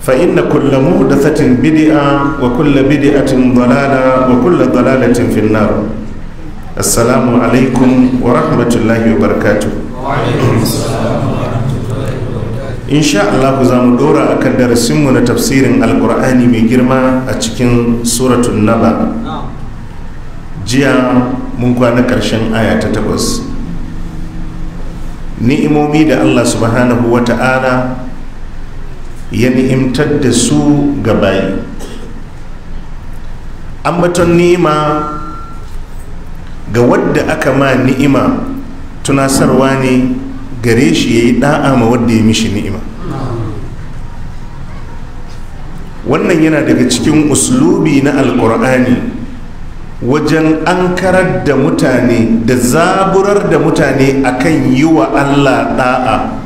fa inna kulla mu da satin bidi'a wa kulla bidi'a tun dalala wa kulla dalala tun finna assalamu alaikum wa rahmatullahi wa barkatu. in sha Allah ku zama dora a kan darasinmu na tafsirin alkur'ani mai girma a cikin suratun naba jiya mun kwana ƙarshen aya ta takwas ni'imomi da Allah subhanahu wa ta'ala ya ni'imtar da su ga bayi ambaton ni'ima ga wadda aka ma ni'ima tunasarwa ne gare shi ya yi da'a ma wadda ya mishi ni'ima wannan yana daga cikin uslubi na alkur'ani wajen an karar da mutane da zaburar da mutane akan yi wa allah da'a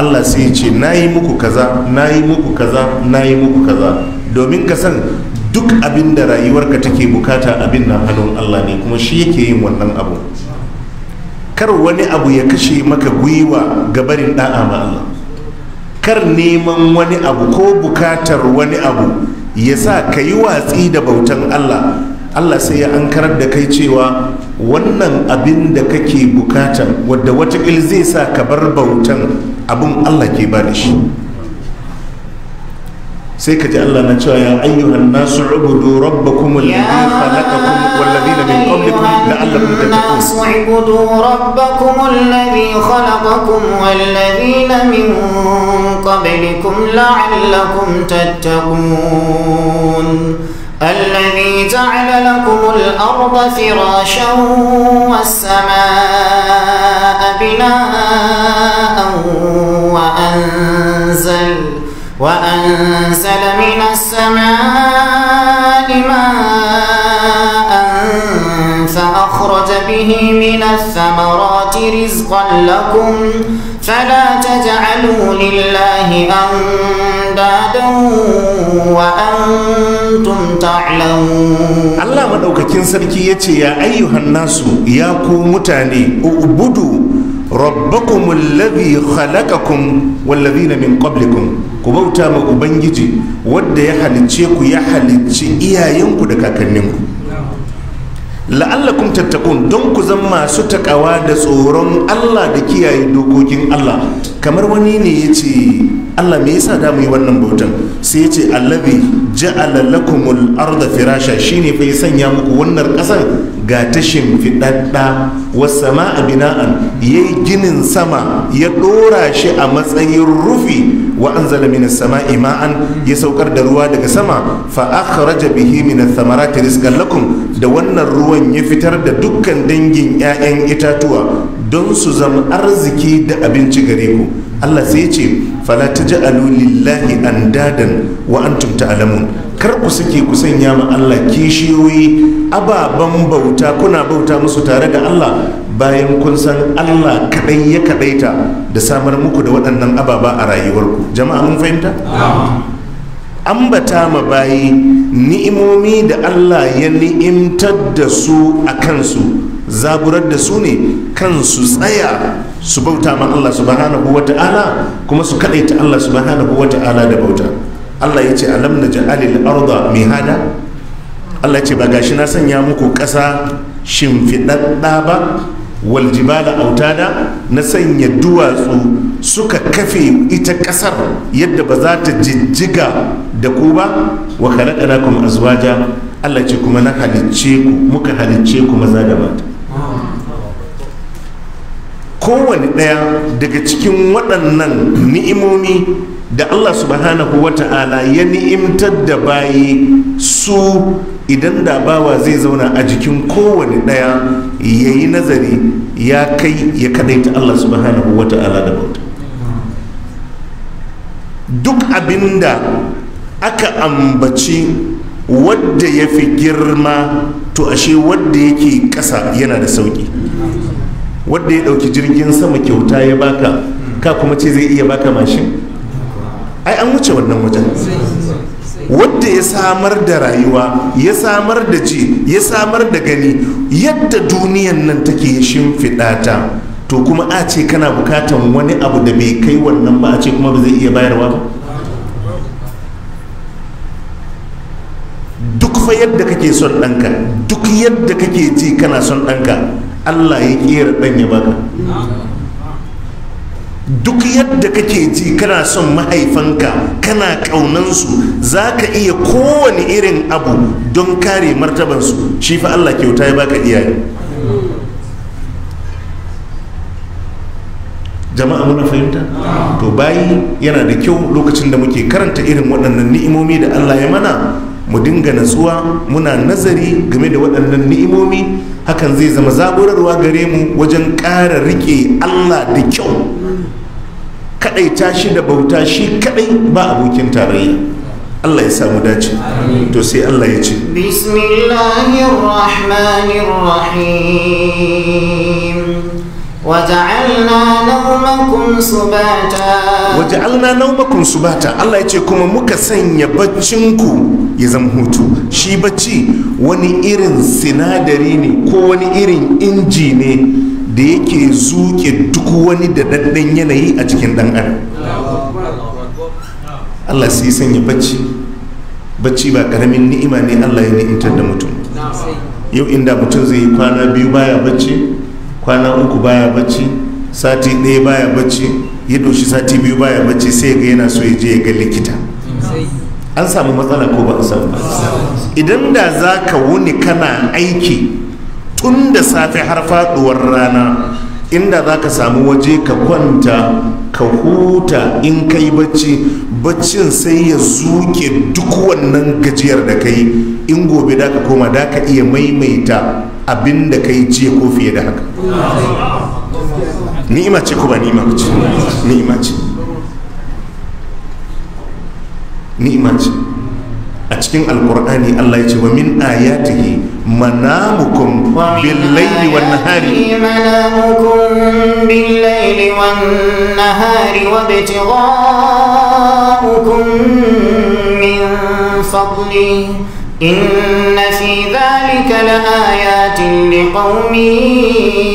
allah sai ce na yi muku kaza na yi muku kaza na yi muku kaza domin ka san duk abin da rayuwarka take bukata abin nan hannun allah ne kuma shi yake yin wannan abu kar wani abu ya kashe maka gwiwa ga barin da'a ma allah kar neman wani abu ko bukatar wani abu ya sa ka yi watsi da bautan allah allah sai ya ankarar da kai cewa wannan abin da kake bukata wadda watakil zai sa ka bar bautan abin allah ke ba da shi sai ka ji allah na cewa ya ayyuhan nasu kuma lalata kuma wallabi walladhina min kuma da allah ta qablikum la'allakum tattaqun ubudu rabbakum alladhi khalaqakum walladhina min qablikum la'allakum tattaqun الذي جعل لكم الأرض فراشا والسماء بناء وأنزل, وأنزل من السماء ماء فأخرج به من الثمرات رزقا لكم فلا تجعلوا لله أندادا allah تعلمون sarki ما دوكا كين سركي يا أيها الناس يا كو متاني اعبدوا rabbakum alladhi khalaqakum min qablikum ku bauta ma ubangiji wadda ya halicce ku ya halicci iyayenku da kakanninku la'allakum tattaqun don ku zama masu takawa da tsoron Allah da kiyaye dokokin Allah kamar wani ne yace Allah me yasa da mu yi wannan bautan sai ya ce allabi ja'ala lakumul arda firasha shine fa sanya muku wannan kasar ga ta fidadda was samaa bina'an yayi ginin sama ya dora shi a matsayin rufi wa anzala minas sama'i ma'an ya saukar da ruwa daga sama fa akhraja bihi minath thamarati rizqan lakum da wannan ruwan ya fitar da dukkan dangin 'ya'yan itatuwa don su zama arziki da abinci gare ku Allah sai ya ce fala ta ji alulillahi an andadan wa an tumta kar ku suke ku sanya ma Allah kishiyoyi ababan bauta kuna bauta musu tare da Allah bayan kun san Allah kaɗai ya kaɗaita da samar muku da waɗannan ababa a rayuwarku jama'a mun fahimta ambata ma bayi ni'imomi da Allah ya ni'imtar da su a kansu zaburar da su ne kansu tsaya su bauta ma Allah subhanahu wa ta'ala kuma su ta Allah subhanahu wa ta'ala da bauta Allah ya ce alam na ja'alil arda mihada Allah ya ce ba gashi na sanya muku ƙasa shimfiɗaɗɗa ba wal jibala autada na sanya duwatsu suka kafe ita ƙasar, yadda ba za ta jijjiga da ku ba wa khalaqnakum azwaja Allah ce kuma na halicce ku muka halicce ku maza da mata kowane ɗaya daga cikin waɗannan ni'imomi da allah subhanahu wa ta'ala ya ni'imtar da bayi su idan da bawa zai zauna a jikin kowane ɗaya ya yi nazari ya kai ya kadaita allah subhanahu wa ta'ala da bauta duk abinda aka ambaci wadda ya fi girma to ashe wadda yake ƙasa yana da sauƙi wadda ya dauki jirgin sama kyauta ya baka ka kuma ce zai iya baka mashin ai an wuce wannan wajen wadda ya samar da rayuwa ya samar da ji ya samar da gani yadda duniyan nan take shimfiɗa ta to kuma a ce kana bukatan wani abu da bai kai wannan ba a ce kuma ba zai iya bayarwa ba duk fa yadda kake son ɗanka duk yadda kake ji kana son ɗanka allah ya kera dan ya baka duk yadda kake ji kana son mahaifanka kana ƙaunansu za ka iya kowane irin abu don kare martabansu shi fa allah kyauta ya baka iyaye jama'a muna fahimta to bayi yana da kyau lokacin da muke karanta irin waɗannan ni'imomi da allah ya mana mu dinga natsuwa muna nazari game da waɗannan ni'imomi hakan zai zama zaburarwa gare mu wajen ƙara rike allah da kyau kaɗai tashi da bauta shi kaɗai ba abokin tarayya Allah ya samu dace to sai Allah ya ce bismillahirrahmanirrahim waja'alna nawmakum subata waja'alna nawmakum subata Allah ya ce kuma muka sanya baccinku ya zama hutu shi bacci wani irin sinadari ne ko wani irin inji da yake zuke duk wani da daddan yanayi a cikin dan adam Allah sai sanya bacci bacci ba karamin ni'ima ne Allah ya ni'imtar da mutum yau inda mutum zai yi kwana biyu baya bacci kwana uku baya bacci sati ɗaya baya bacci ya doshi sati biyu baya bacci sai ga yana so ya je ya ga likita an samu matsala ko ba a samu ba idan da za ka wuni kana aiki tun da safe har faduwar rana inda za ka samu waje ka kwanta ka huta in kai bacci baccin sai ya zuke duk wannan gajiyar da kai in gobe da ka koma da ka iya maimaita abin da kai jiya ko fiye da haka ni'ima ce ko ni'ima ce ni'ima ce ni'ima ce أتكلم القرآن الله يتوى من آياته منامكم بالليل والنهار منامكم بالليل والنهار وابتغاؤكم من فضله إن في ذلك لآيات لقوم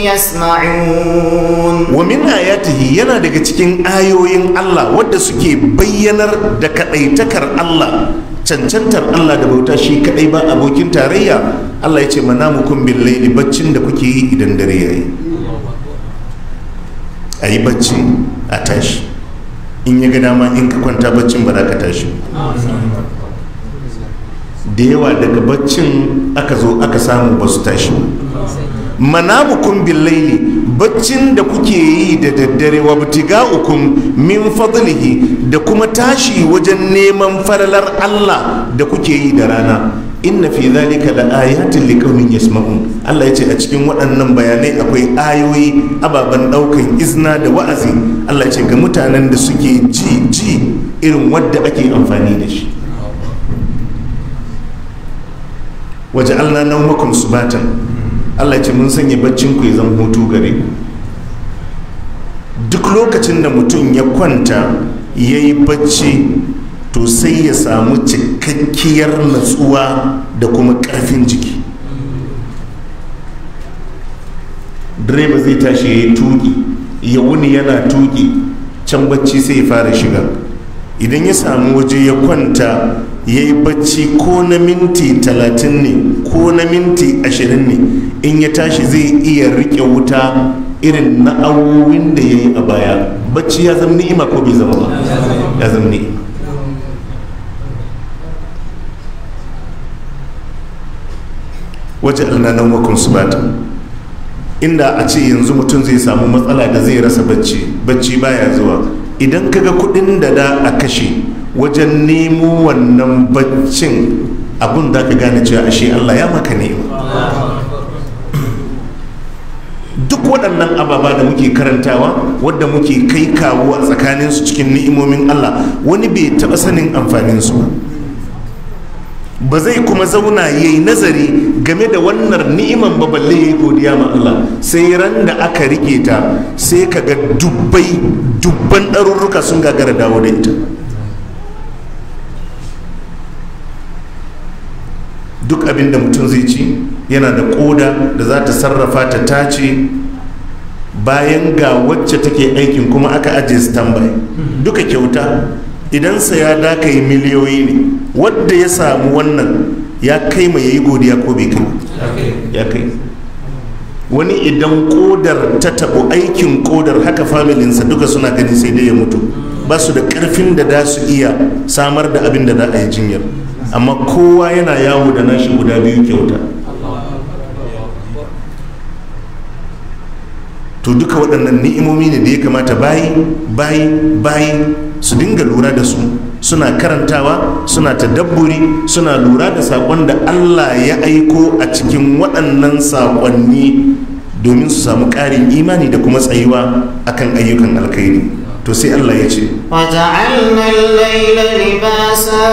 يسمعون ومن آياته ينا daga cikin ayoyin Allah wadda suke bayyanar da kadaitakar Allah cancantar Allah da bauta shi kadai ba abokin tarayya Allah ya ce kun bil laili baccin da kuke yi idan dare yayi ayi bacci a tashi in ya ga dama in ka kwanta baccin ba za ka tashi da yawa daga baccin aka zo aka samu ba su tashi manamukum billaili baccin da kuke yi da daddare wa ukun min fadlihi da kuma tashi wajen neman faralar Allah da kuke yi da rana inna fi zalika la ayatin liqaumin yasma'un Allah yace a cikin waɗannan bayanai akwai ayoyi ababen ɗaukan izna da wa'azi Allah yace ga mutanen da suke ji ji irin wadda ake amfani da shi waje allah na su batan allah ce mun sanya baccin ku ya zan hutu gare duk lokacin da mutum ya kwanta ya yi bacci to sai ya samu cikakkiyar natsuwa da kuma karfin jiki direba zai tashi ya yi tuki ya wuni yana tuki can bacci sai ya fara shiga idan ya samu waje ya kwanta ya yi bacci ko na minti talatin ne ko na minti ashirin ne in ya tashi zai iya rike wuta irin na awowin da ya yi a baya bacci ya zama ni'ima ko bai zama ba ya zama ni'ima waje alnanan wakon su bata inda a ce yanzu mutum zai samu matsala da zai rasa bacci bacci baya zuwa idan kaga kudin da da a kashe wajen nemo wannan baccin abin da ka gane cewa ashe allah ya maka nema duk waɗannan ababa da muke karantawa wadda muke kai kawuwa a tsakaninsu cikin ni'imomin allah wani bai taɓa sanin amfanin su ba zai kuma zauna ya yi nazari game da wannan ni'iman baballe ya yi godiya ma Allah sai ran da aka rike ta sai ka ga dubbai dubban ɗarurruka sun gagara dawo da ita duk abin da mutum zai ci yana da koda da za ta sarrafa ta tace bayan ga wacce take aikin kuma aka ajiye standby duka kyauta idan saya da ka yi miliyoyi ne wadda ya samu wannan ya kai mai yayi godiya ko bai kai ya kai wani idan kodar ta taɓo aikin kodar haka familinsa duka suna gani sai dai ya mutu ba su da ƙarfin da za su iya samar da abin da za a yi jinyar amma kowa yana yawo da nashi guda biyu kyauta to duka waɗannan ni'imomi ne da ya kamata bayi bayi bayi su dinga lura da su suna karantawa suna ta dabburi suna lura da saƙon da allah ya aiko a cikin waɗannan saƙonni domin su samu ƙarin imani da kuma tsayuwa akan ayyukan alkhairi to sai Allah ya ce Waje al-layla libasa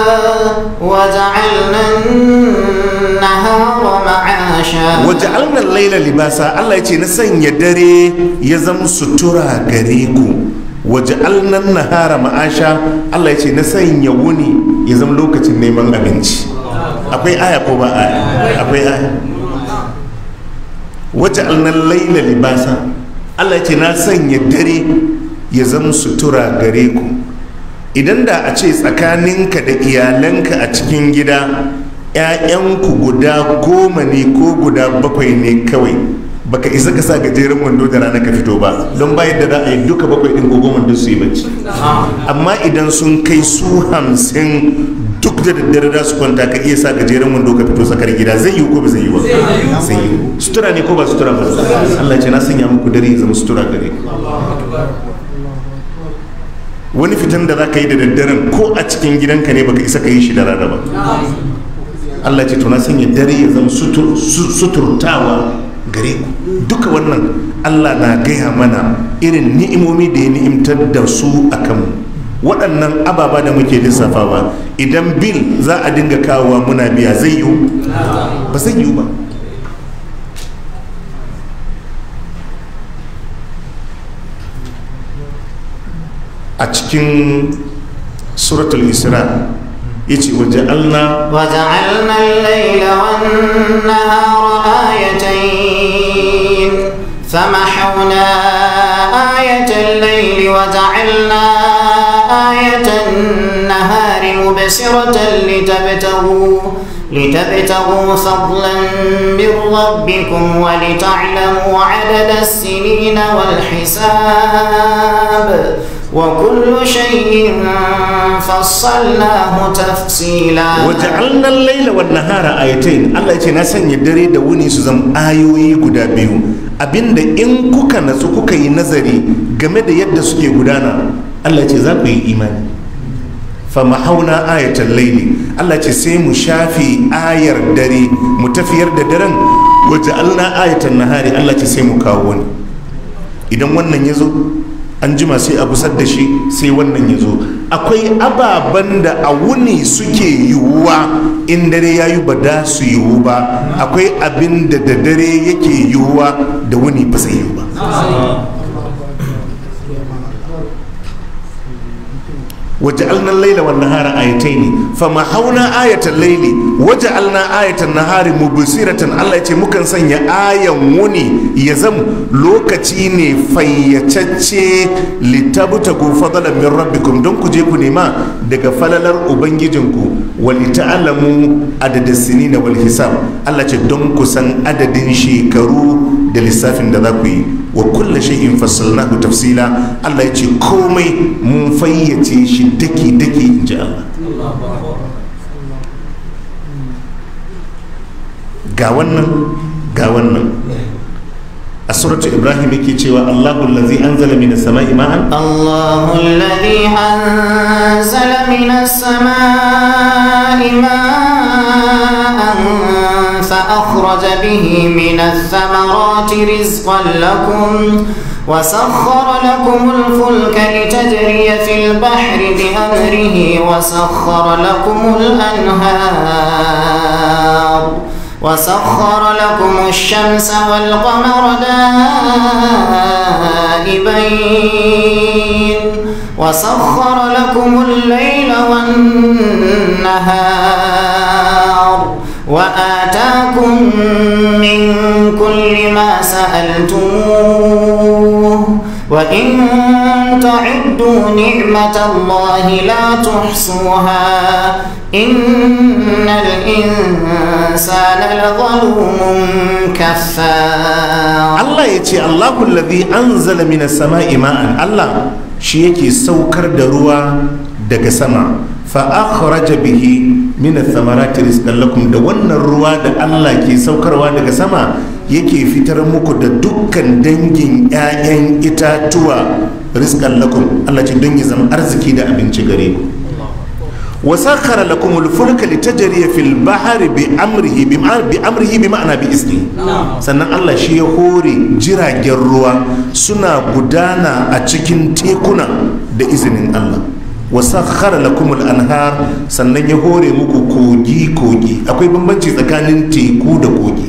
waja'alna al-layla libasa Allah ya ce na sanya dare ya zama sutura gare ku waja'alna an-nahara ma'asha Allah ya ce na sanya wuni ya zama lokacin neman abinci akwai aya ko ba aya akwai aya waja'alna al-layla libasa Allah ya ce na sanya dare ya zama sutura gare ku idan da a ce tsakaninka da iyalanka a cikin gida 'ya'yanku guda goma ne ko guda bakwai ne kawai baka isa ka sa gajeren wando da rana ka fito ba don ba yadda za a yi duka bakwai ɗin goma da su yi bacci amma idan sun kai su hamsin duk da daddare za su kwanta ka iya sa gajeren wando ka fito tsakar gida zai yi ko ba zai yi ba zai yi sutura ne ko ba sutura ba Allah ce na sanya muku dare ya zama sutura gare ku wani fitan da za ka yi da daddaren ko a cikin gidanka ne baka isa ka yi shi da rana ba Allah ce to na sanya dare ya zama suturtawa gare ku duka wannan Allah na gaya mana irin ni'imomi da ya ni'imtar da su a kanmu waɗannan ababa da muke lissafawa idan bil za a dinga kawowa muna biya zai yiwu ba zai yiwu ba a سورة suratul isra وجعلنا وجعلنا الليل والنهار آيتين فمحونا آية الليل وجعلنا آية النهار مبصرة لتبتغوا لتبتغوا فضلا من ربكم ولتعلموا عدد السنين والحساب وكل شيء فصلناه تفصيلا وجعلنا الليل والنهار آيتين الله يتي نسن يدري da wuni su zam ayoyi guda biyu abinda in kuka natsu kuka yi nazari game da yadda suke gudana Allah ce za ku yi imani famahauna ayatul laili Allah ce sai mu shafi ayar dare mu tafiyar da daren waje alna ayatul nahari Allah ce sai mu kawo wani idan wannan ya zo an jima sai a gusar da shi sai wannan ya zo akwai ababen da a wuni suke yiwuwa in dare ya yi ba da su yiwu ba akwai abin da dare yake yiwuwa da wuni ba zai yiwu ba وجعلنا الليل والنهار آيتين فما حونا آية الليل وجعلنا آية النهار مبصرة الله يتي مكن سنيا آية وني يزم لوكتيني فيتشي لتبتغوا فضلا من ربكم دون كجيكو نما دغ فلالر أبنجي جنكو ولتعلموا عدد السنين والحساب الله ce don kusan عدد shekaru da lissafin da za ku yi wa kulla shay'in ku tafsila Allah ya ce komai mun fayyace shi daki daki in ji Allah ga wannan ga wannan a suratu ibrahim yake cewa allahu allazi anzala minas sama'i ma'an allahu allazi anzala minas sama'i ma'an فأخرج به من الثمرات رزقا لكم وسخر لكم الفلك لتجري في البحر بأمره وسخر لكم الأنهار وسخر لكم الشمس والقمر دائبين وسخر لكم الليل والنهار وآتاكم من كل ما سألتموه وإن تعدوا نعمة الله لا تحصوها إن الإنسان لظلوم كفار الله يتي الله الذي أنزل من السماء ماء الله شيكي سوكر دروا daga sama fa akhraja bihi min ath-thamarati rizqan lakum da wannan ruwa da Allah ke saukarwa daga sama yake fitar muku da dukkan dangin 'ya'yan itatuwa rizqan lakum Allah ce don zama arziki da abinci gare ku وسخر لكم ba لتجري bi البحر bi ma'ana bi بإذنه sannan Allah shi ya hore jiragen ruwa suna gudana a cikin tekuna da izinin Allah wa sakhara lakum al-anhar sannan ya hore muku kogi kogi akwai bambanci tsakanin teku da kogi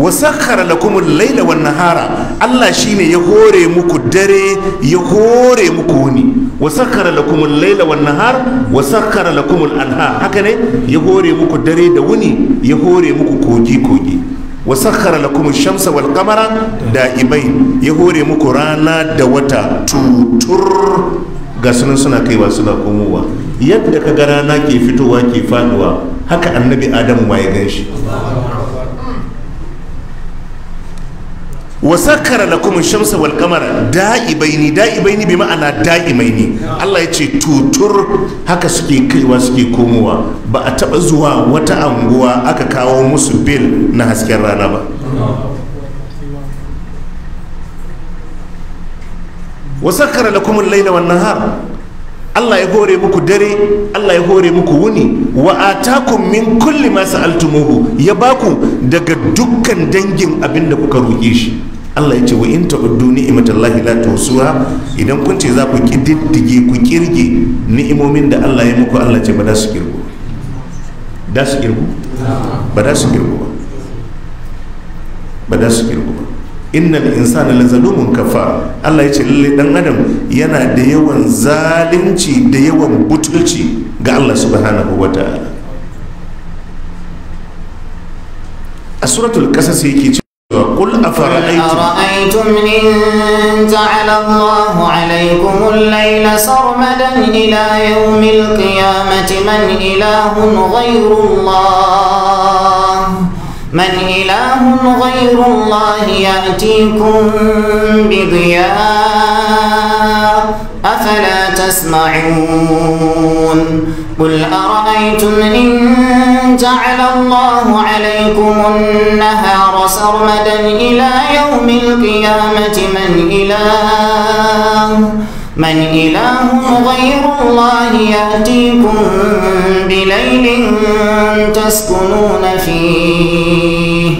wa sakhara lakum al-laila wan nahara Allah shine ya hore muku dare ya hore muku wuni wa sakhara lakum al-laila wan nahar wa lakum al-anhar haka ne ya hore muku dare da wuni ya hore muku kogi kogi wa sakhara lakum shamsa wal qamara da'ibain ya hore muku rana da wata tutur ga sunan suna kaiwa suna komowa yadda ka ga rana ke fitowa ke faduwa haka annabi adamu ma ya gan shi wa sakkara lakum shamsa wal qamara da'ibaini da'ibaini bi ma'ana da'imaini Allah ya ce tutur haka suke kaiwa suke komowa ba a taba zuwa wata anguwa aka kawo musu bil na hasken rana ba wa sakkara da kuma layla wan har, Allah ya hore muku dare Allah ya hore muku wuni wa atakum min kulli masu altumuhu ya baku daga dukkan dangin abin da kuka roƙe shi Allah ya ce wa in ta'uddu ni'matallahi la tuhsuha idan kun ce za ku kididdige ku kirge ni'imomin da Allah ya muku Allah ce ba da su ƙirgu da su kirgo ba da su kirgo ba da su kirgo innal insana lazalumun kafa Allah ya ce lalle dan adam yana da yawan zalunci da yawan butulci ga Allah subhanahu wata'ala a suratul qasas yake cewa qul afara'aytum in ja'ala Allahu 'alaykum al-layla sarmadan ila yawmil qiyamati man ilahun ghayru Allah من إله غير الله يأتيكم بضياء أفلا تسمعون قل أرأيتم إن جعل الله عليكم النهار سرمدا إلى يوم القيامة من إله من إله غير الله يأتيكم بليل تسكنون فيه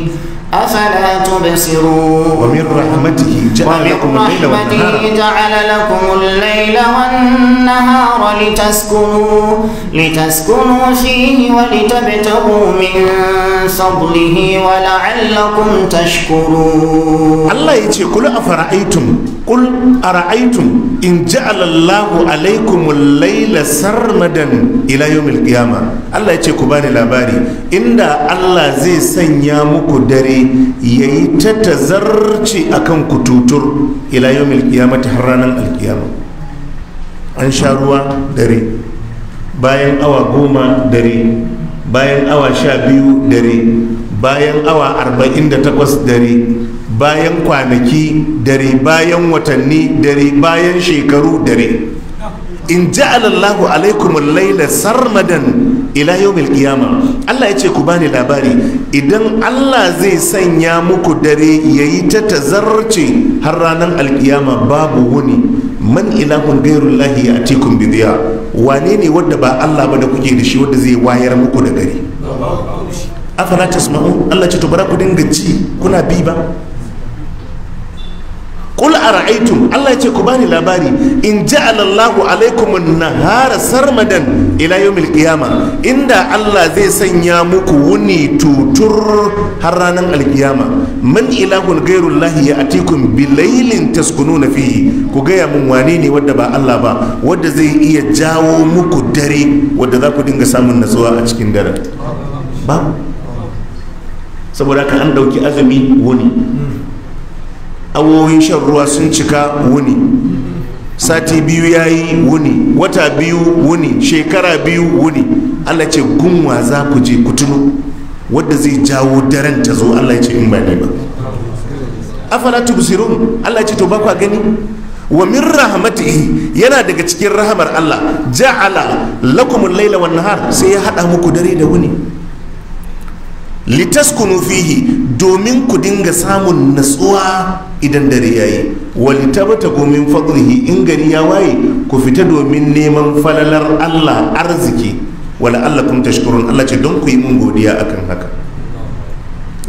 أفلا تبصرون ومن رحمته جعل لكم الليل والنهار جعل لكم الليل والنهار لتسكنوا لتسكنوا فيه ولتبتغوا من فضله ولعلكم تشكرون الله يجي كل أفرأيتم قل أرأيتم إن جعل الله عليكم الليل سرمدا إلى يوم القيامة الله يتي كباني لاباري إن الله زي سنيا مكدري يتتزرشي أكن كتوتر إلى يوم القيامة alkiyama. an أن شاروا دري bayan awa goma dare bayan awa sha biyu dare bayan awa arba'in da takwas dare bayan kwanaki dare bayan watanni dare bayan shekaru dare in ja'alallahu alaikum laila sarmadan ila yawmil qiyama Allah yace ku bani labari idan Allah zai sanya muku dare yayi ta tazarce har ranar alkiyama babu wuni man ilahun gairun lahi a tikun bibiya. wane ne wadda ba Allah ba da kuke da shi wadda zai wayar muku da gari afala tasma'un Allah ce to bara ku dinga ci kuna bi ba a ara'aytum Allah ya ce ku bani labari in ji Allahu alaikum an-nahara sarmadan ila yawmil inda Allah zai sanya muku wuni tutur har ranar alkiyama man ilahun ghairu a ya atikum bilailin na fihi ku gaya mun wane ne wadda ba Allah ba wadda zai iya jawo muku dare wadda za ku dinga samun natsuwa a cikin dare ba saboda ka an dauki azumi wuni awowin shan ruwa sun cika wuni sati biyu ya yi wuni wata biyu wuni shekara biyu wuni allah ce gunwa za ku je kutunu wadda zai jawo daren ta zo allah ce in ba ne ba afala tubsirun allah ce to ba kwa gani wa min rahmatihi yana daga cikin rahamar Allah ja'ala lakumul laila wan nahar sai ya hada muku dare da wuni litaskunu fihi domin ku dinga samun natsuwa idan dare ya yi walitabata gomin fadlihi in gari ya waye ku fita domin neman falalar allah arziki wala allah kuma tashkurun allah ce don ku yi mun godiya akan haka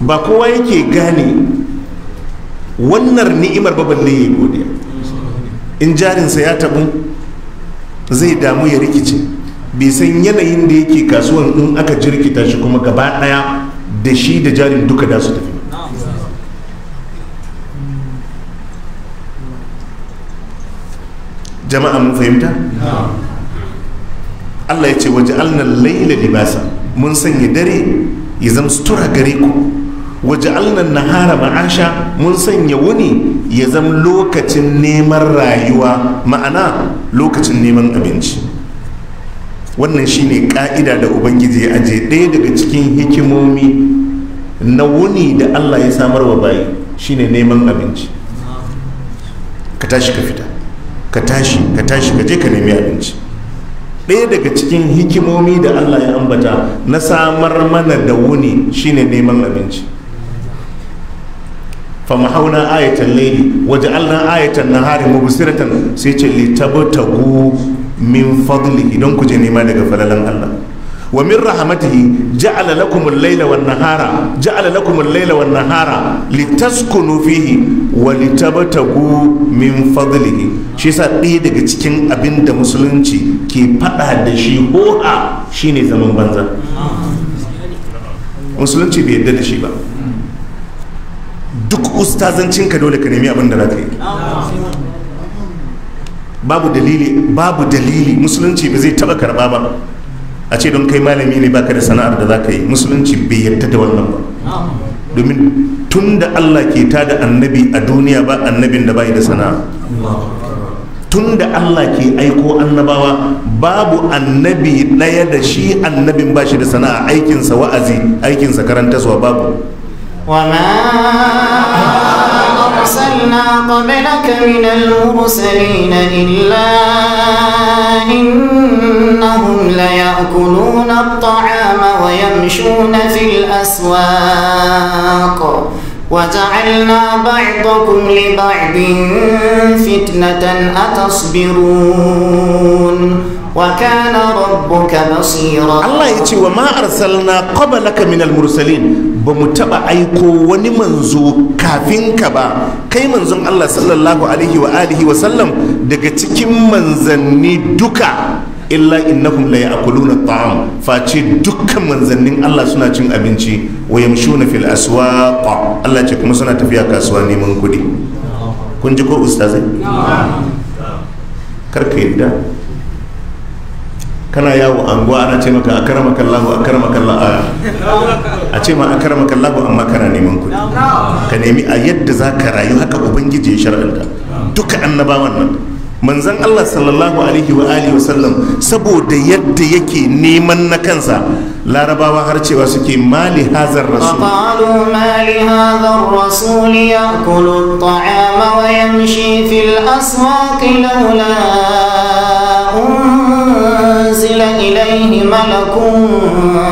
ba kowa yake gane wannan ni'imar ba ne ya godiya in jarinsa ya tabu zai damu ya rikice bai san yanayin da yake kasuwan in aka jirkita shi kuma gaba daya da shi da jarin duka da su tafi jama'a mun fahimta Allah ya ce waje alnan laila libasa mun sanya dare ya zama sutura gare ku waje alnan nahara ma'asha mun sanya wuni ya zama lokacin neman rayuwa ma'ana lokacin neman abinci wannan shine ka'ida da ubangiji ya aje ɗaya daga cikin hikimomi na wuni da allah ya samar wa bayi shine neman abinci ka tashi ka fita ka tashi ka tashi ka je ka nemi abinci ɗaya daga cikin hikimomi da allah ya ambata na samar mana da wuni shine neman abinci waje فمحونا آية الليل وجعلنا آية Sai ce litabu tagu. min fadlihi don ku je nema daga falalan Allah wa min rahmatihi ja'ala lakum al-laila wan nahara ja'ala lakum al-laila wan nahara litaskunu fihi wa litabtagu min fadlihi shi sa ɗaya daga cikin abin da musulunci ke faɗa da shi a shine zaman banza musulunci bai yadda da shi ba duk ka dole ka nemi abin da za ka yi babu dalili babu dalili musulunci ba zai taba karba ba a ce don kai malami ne baka da sana'ar da zaka yi musulunci bai yarda da wannan ba domin tunda da Allah ke tada annabi a duniya ba annabin da bai da sana'a tun Allah ke aiko annabawa babu annabi daya da shi annabin bashi da sana'a aikinsa wa'azi aikinsa karantaswa babu أرسلنا قبلك من المرسلين إلا إنهم ليأكلون الطعام ويمشون في الأسواق وجعلنا بعضكم لبعض فتنة أتصبرون wa kana rabbuka basira Allah ya ce wa ma arsalna qablaka min mursalin ba mu taba aiko wani manzo kafin ka ba kai manzon Allah sallallahu alaihi wa alihi wa sallam daga cikin manzanni duka illa innahum la ya'kuluna at'am face dukkan manzannin Allah suna cin abinci wa na fil aswaq Allah ce kuma suna tafiya kasuwa neman kudi kun ji ko ustazai karka da. kana yawo anguwa ana ce maka a karama kallahu a karama kallahu a ce ma a karama kallahu amma kana neman kuɗi ka nemi a yadda za ka rayu haka ubangiji ya shar'anta duka annabawan nan manzan allah sallallahu alaihi wa alihi wa sallam saboda yadda yake neman na kansa larabawa har cewa suke mali hazar rasul qalu mali hazar rasul ya'kulu at-ta'ama wa yamshi fil aswaq laula أنزل إليه ملك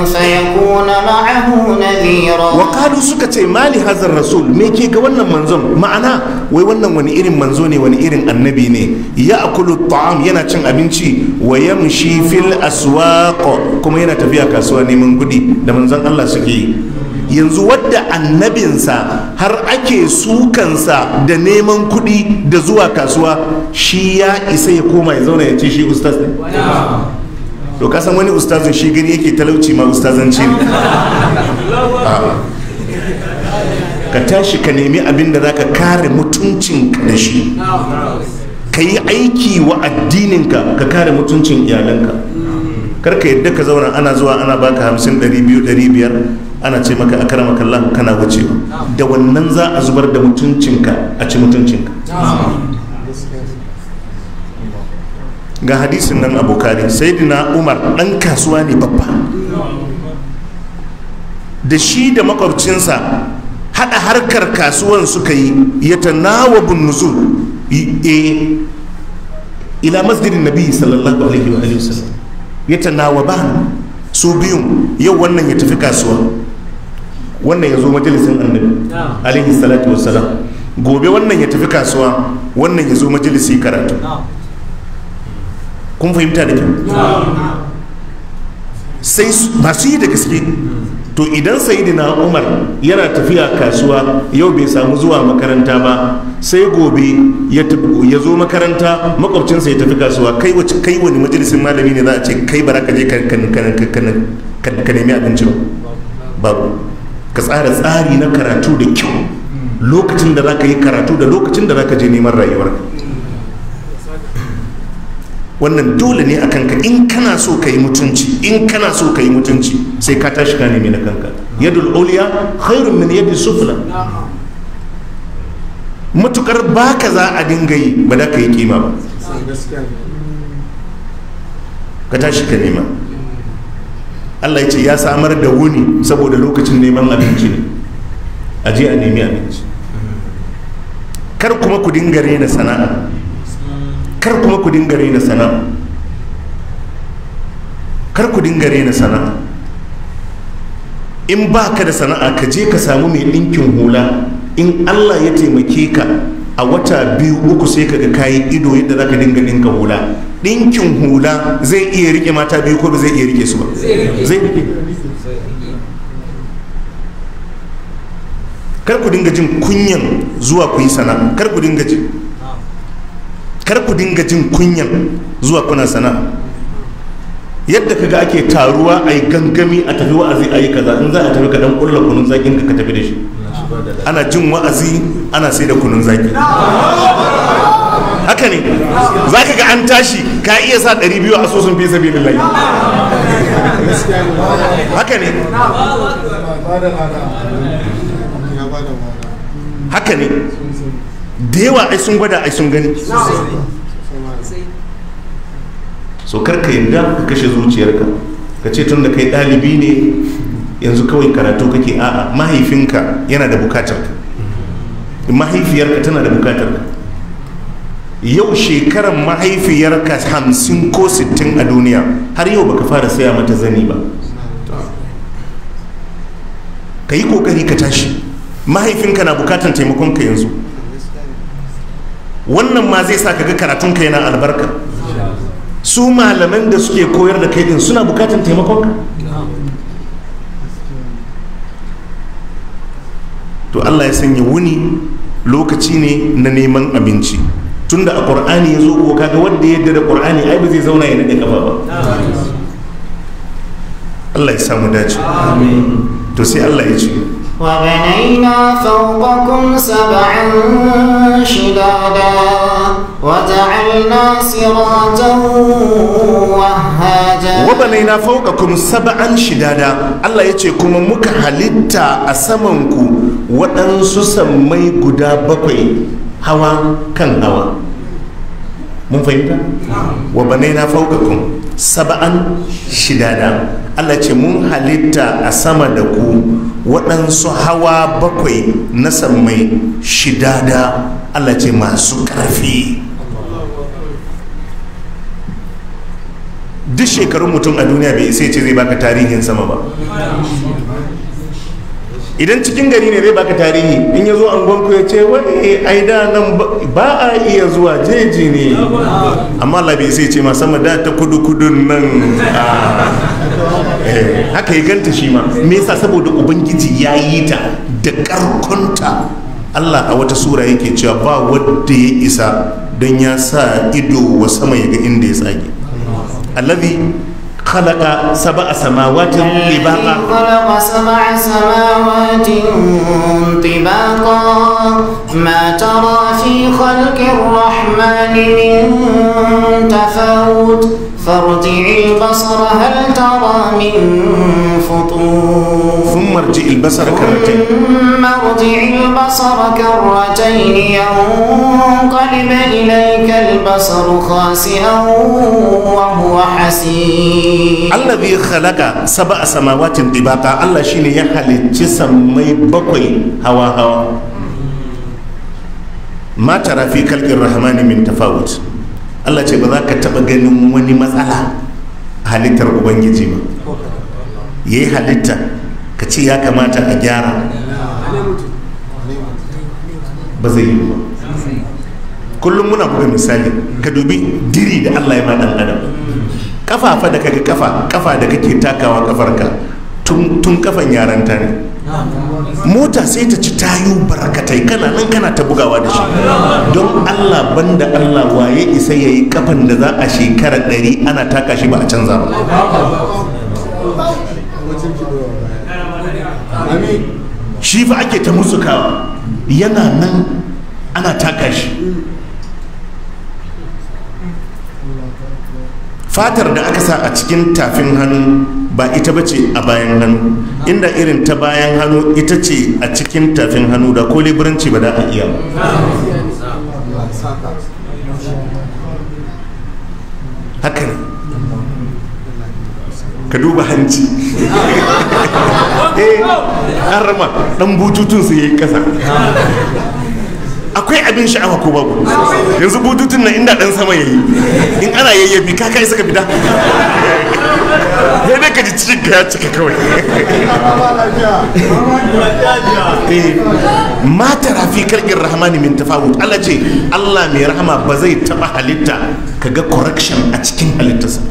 فيكون معه نذيرا وقالوا سكت ما لهذا الرسول ميكي قولنا منزون معنا ويوانا ونئرن منزوني إيرن النبي ني يأكل الطعام ينا تشن أبنشي ويمشي في الأسواق كما ينا تبيا كاسواني من قدي دا منزون الله سكي yanzu wadda annabinsa har ake sukansa da neman kudi da zuwa kasuwa shi ya isa ya koma ya zauna ya ce shi ustaz ne to kasan wani ustazin shi gani yake talauci ma ustazanci ne ka tashi ka nemi abin da zaka kare mutuncinka da shi ka yi aiki wa addininka ka kare mutuncin iyalanka karka yadda ka zauna ana zuwa ana baka hamsin ɗari biyu ɗari biyar ana ce maka a kara kallon kana wuce da wannan za a zubar da mutuncinka a ci mutuncinka ga hadisin nan abokari na umar ɗan kasuwa ne babba da shi da makwabcinsa haɗa harkar kasuwan suka yi ya ta nawa bin nuzul e, ila masjidin nabi sallallahu alaihi wa sallam ya nawa ba su biyun yau wannan ya tafi kasuwa wannan ya zo majalisin annabi alaihi salatu wassalam gobe wannan ya tafi kasuwa wannan ya zo majalisi karatu kun fahimta da kyau sai masu yi da gaske to idan sayidina umar yana tafiya kasuwa yau bai samu zuwa makaranta ba sai gobe ya zo makaranta makwabcinsa ya tafi kasuwa kai wace kai wani majalisin malami ne za a ce kai bara ka je ka nemi abinci ba babu ka tsara tsari na karatu da kyau lokacin da za ka yi karatu da lokacin da za ka je neman rayuwarka wannan dole ne a kanka in kana so ka yi mutunci in kana so ka yi mutunci sai ka tashi ka nemi na kanka yadul oliya khairun min yadi sufla matukar baka za a dinga yi ba da ka yi kima ba ka tashi ka nema Allah ya ce ya samar da wuni saboda lokacin neman abinci ne a je a nemi abinci kar kuma ku dinga rena sana'a kar kuma ku dinga raina sana'a kar ku dinga raina sana'a in ba ka da sana'a ka je ka samu mai ɗinkin hula in allah ya taimake ka a wata biyu uku sai ka ga kayi ido yadda za ka dinga dinka hula ɗinkin hula zai iya rike mata biyu ko zai iya rike su ba zai rike kar ku dinga jin kunyan zuwa ku yi sana'a kar ku dinga jin kar ku dinga jin kunyan zuwa kuna sana'a yadda kaga ake taruwa a yi gangami a tafi wa'azi a yi kaza in za a tafi kaɗan dan kulla kunun zakin ka tafi da shi ana jin wa'azi ana sai da kunun zaki haka ne za ka ga an tashi ka iya sa 200 a sosun fi sabi layi. haka ne haka ne da yawa ai sun gwada ai sun gani so ka yadda ka kashe zuciyarka ka ce tun da kai ɗalibi ne yanzu kawai karatu kake a'a mahaifinka yana da bukatar ka mahaifiyarka tana da bukatar ka yau shekarar mahaifiyarka hamsin ko sittin a duniya har yau baka fara saya mata zani ba ka yi kokari ka tashi mahaifinka na bukatan taimakonka yanzu wannan ma zai sa kaga karatun ka yana albarka su malaman da suke koyar da kai din suna bukatan taimakon ka to Allah ya sanya wuni lokaci ne na neman abinci tunda a ƙur'ani ya zo ko kaga wanda yadda da ƙur'ani ai ba zai zauna ya nade kafa ba Allah ya samu dace to sai Allah ya ce وبنينا فوقكم سبعا شدادا وجعلنا سراجا وهاجا وبنينا فوقكم سبعا شدادا الله يتي كما مكا halitta a samanku waɗansu sammai guda bakwai hawa kan hawa mun fahimta wa banaina fawqakum shidada Allah ce mun halitta a sama da ku waɗansu hawa bakwai na sammai shida da allah ce masu ƙarfi duk shekarun mutum a duniya bai isa ce zai baka tarihin sama ba idan cikin gari ne zai baka tarihi in ya zo angonku ya ce wani ai da nan ba a iya zuwa jeji ne amma labi sai ce ma sama da ta kudu kudun nan ah. haka ya ganta shi ma me yasa saboda ubangiji ya yi ta da karkonta Allah a wata sura yake cewa ba wadda ya isa don ya sa ido wa sama ya ga inda ya tsage allazi خلق سبع سماوات طباقا خلق سبع سماوات طباقا ما ترى في خلق الرحمن min tafawut فارجع البصر هل ترى من فطور ثم ارجع البصر كرتين ثم ارجع البصر كرتين ينقلب إليك البصر خاسئا وهو حسير الذي خلق سبع سماوات طباقا الله شين يحل جسم مي بقوي هوا هوا ما ترى في خلق الرحمن من تفاوت Allah ce ba za ka taɓa ganin wani matsala halittar ubangiji ba ya yi halitta ka ce ya kamata a gyara ba zai yi ba kullum muna buga misali ka dubi diri da Allah ya ma dan adam kafa da kaga kafa kafa da kake takawa kafarka tun kafan yaranta ne mota sai ta ci tayo barkatai kana nan kana ta bugawa da shi don allah banda allah waye isa ya yi kafan da za a shekara ɗari ana taka shi ba a canza ba shi fa ake ta musukawa yana nan ana taka shi fatar da aka sa a cikin tafin hannu ba ita ba ce a bayan hannu inda irin ta bayan hannu ita ce a cikin tafin hannu da ko liburanci ba da a iya haka ka duba hanci eh an dan bututun su yayi kasa akwai abin sha'awa ko babu yanzu bututun na inda dan sama yayi in ana yayyabi ka kai saka bida ya ka ji cikin ka ya cika kawai eh, ma rafi karkin rahmani min tafawut Allah ce Allah mai rahama ba zai taba halitta ka ga correction a cikin halittarsa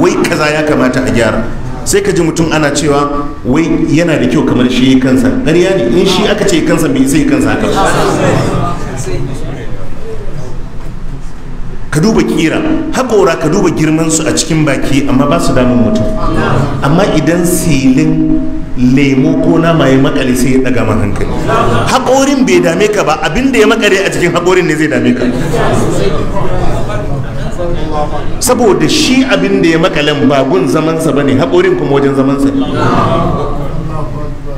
wai kaza ya kamata a gyara sai ka ji mutum ana cewa wai yana da kyau kamar shi kansa ƙarya ne in shi aka ce kansa bai zai kansa haka ka duba kira haƙora ka duba girmansu a cikin baki amma ba su damun mutum amma idan silin lemo ko nama ya makale sai ya daga man hankali haƙorin bai dame ka ba abin da ya makale a cikin haƙorin ne zai dame ka saboda shi abin da ya makalen bagun zamansa ba ne haƙorin kuma wajen zamansa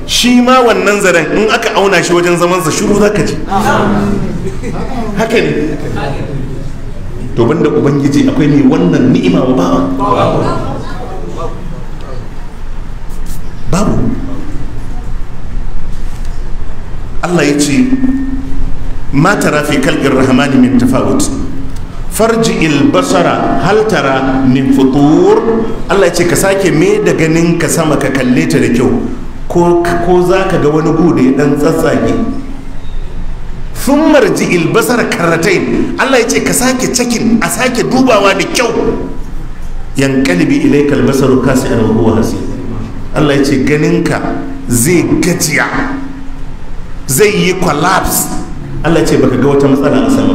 shi ma wannan zaren in aka auna shi wajen zamansa shuru za ka ji haka ne to banda ubangiji akwai ne wannan ni'ima ba bawa babu Allah ya ce ma tara fi kalbin rahmani min tafawut farji basara hal tara min futur Allah ya ce ka sake me da ganin ka sama ka kalle ta da kyau ko za ka ga wani gude dan tsatsage sun marji ilbasar karratain allah ya ce ka sake cakin a sake dubawa da kyau yan kalibi ilai kalbasar kasi an huwa hasi allah ya ce ganinka zai gajiya zai yi collapse allah ya ce baka ga wata matsala a sama